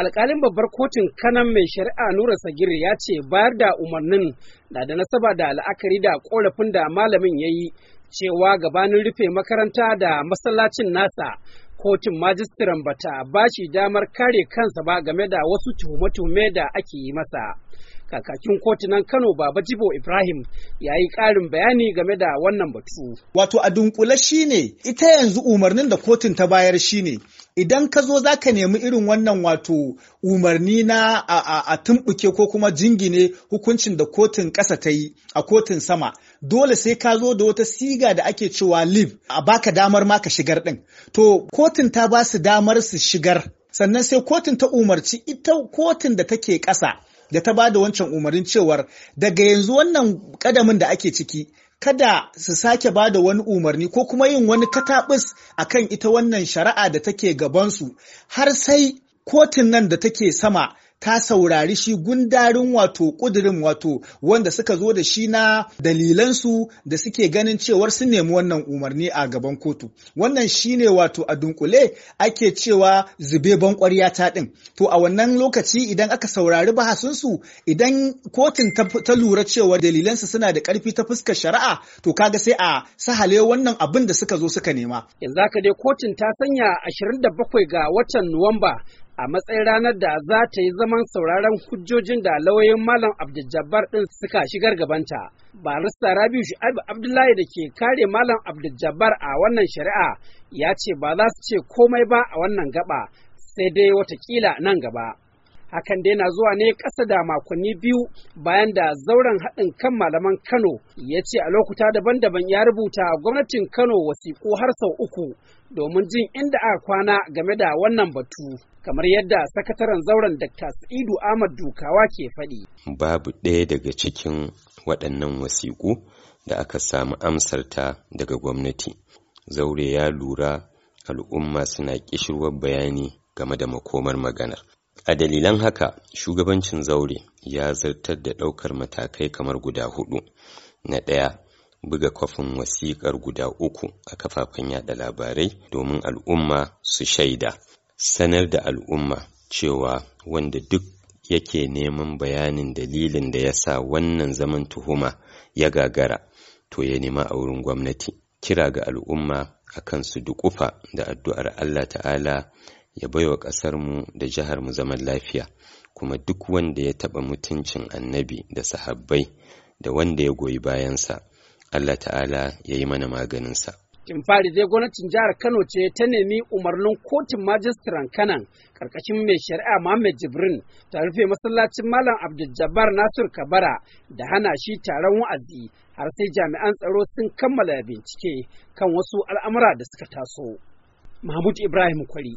alkalin babbar kotun kanan mai shari'a nura sagir ya ce bayar da umarnin na da nasaba da la'akari da korafin da malamin ya yi cewa gabanin rufe makaranta da masallacin nasa kotun majistiran bata bashi damar kare kansa ba game da wasu tuhume-tuhume da ake yi masa kakakin kotunan kano baba jibo ibrahim ya yi ƙarin bayani game da wannan batu wato a dunkule shine ita yanzu umarnin da kotun ta bayar shine idan ka zo za ka nemi irin wannan wato umarni na a tumbuke ko kuma jingine hukuncin da kotun ƙasa ta yi a kotun sama dole sai ka zo da wata siga da ake cewa live a baka damar ma ka shigar ɗin to kotun ta ba su damar su shigar sannan sai kotun ta umarci ita kotun da take ƙasa da ta ba da wancan umarnin cewar daga yanzu wannan ƙadamin da ake ciki kada su sake ba da wani umarni ko kuma yin wani katabis a kan ita wannan shari'a da take gabansu har sai kotun nan da take sama ta saurari shi gundarin wato ƙudurin wato wanda suka zo da shi na dalilansu da suke ganin cewar sun nemi wannan umarni a gaban kotu wannan shi ne wato a dunkule ake cewa zube ban ta ɗin to a wannan lokaci idan aka saurari bahasinsu idan kotun ta lura cewa dalilansu suna da ƙarfi ta fuskar shari'a to kaga sai a sahale wannan abin da suka zo suka nema yanzu dai kotun ta sanya 27 ga watan nuwamba a matsayin ranar da za ta yi zaman sauraron hujjojin da lauyoyin Malam Abdul ɗin suka shigar gabanta. rista Rabiu Shu'aib Abdullahi da ke kare Malam Abdul a wannan shari'a ya ce ba za su ce komai ba a wannan gaba sai dai watakila nan gaba. hakan dai na zuwa ne ƙasa da makonni biyu bayan da zauren haɗin kan malaman kano ya ce a lokuta daban-daban ya rubuta gwamnatin kano wasiƙu har sau uku domin jin inda aka kwana game da wannan batu kamar yadda sakataren zauren dr sa'idu ahmad dukawa ke faɗi. babu ɗaya daga cikin waɗannan wasiƙu da aka samu amsarta daga gwamnati zaure ya lura al'umma suna ƙishirwar bayani game da makomar maganar A dalilan haka, shugabancin zaure ya zartar da ɗaukar matakai kamar guda hudu. Na ɗaya, buga kwafin wasiƙar guda uku a kafafen yada labarai domin al'umma su shaida. Sanar da al'umma cewa wanda duk yake neman bayanin dalilin da ya sa wannan zaman tuhuma ya gagara, to ya nema a wurin gwamnati. Kira ga al'umma a kan su duƙufa da addu'ar Allah ta'ala ya baiwa ƙasarmu da jihar mu zaman lafiya kuma duk wanda ya taɓa mutuncin annabi da sahabbai da wanda ya goyi bayansa Allah ta'ala ya yi mana maganinsa. Kin fari dai gwamnatin jihar Kano ce ta nemi umarnin kotun majistiran Kanan karkashin mai shari'a Muhammad Jibrin ta rufe masallacin Malam Abdul Jabbar Nasir Kabara da hana shi taron wa'azi har sai jami'an tsaro sun kammala bincike kan wasu al'amura da suka taso. Mahmud Ibrahim Kwari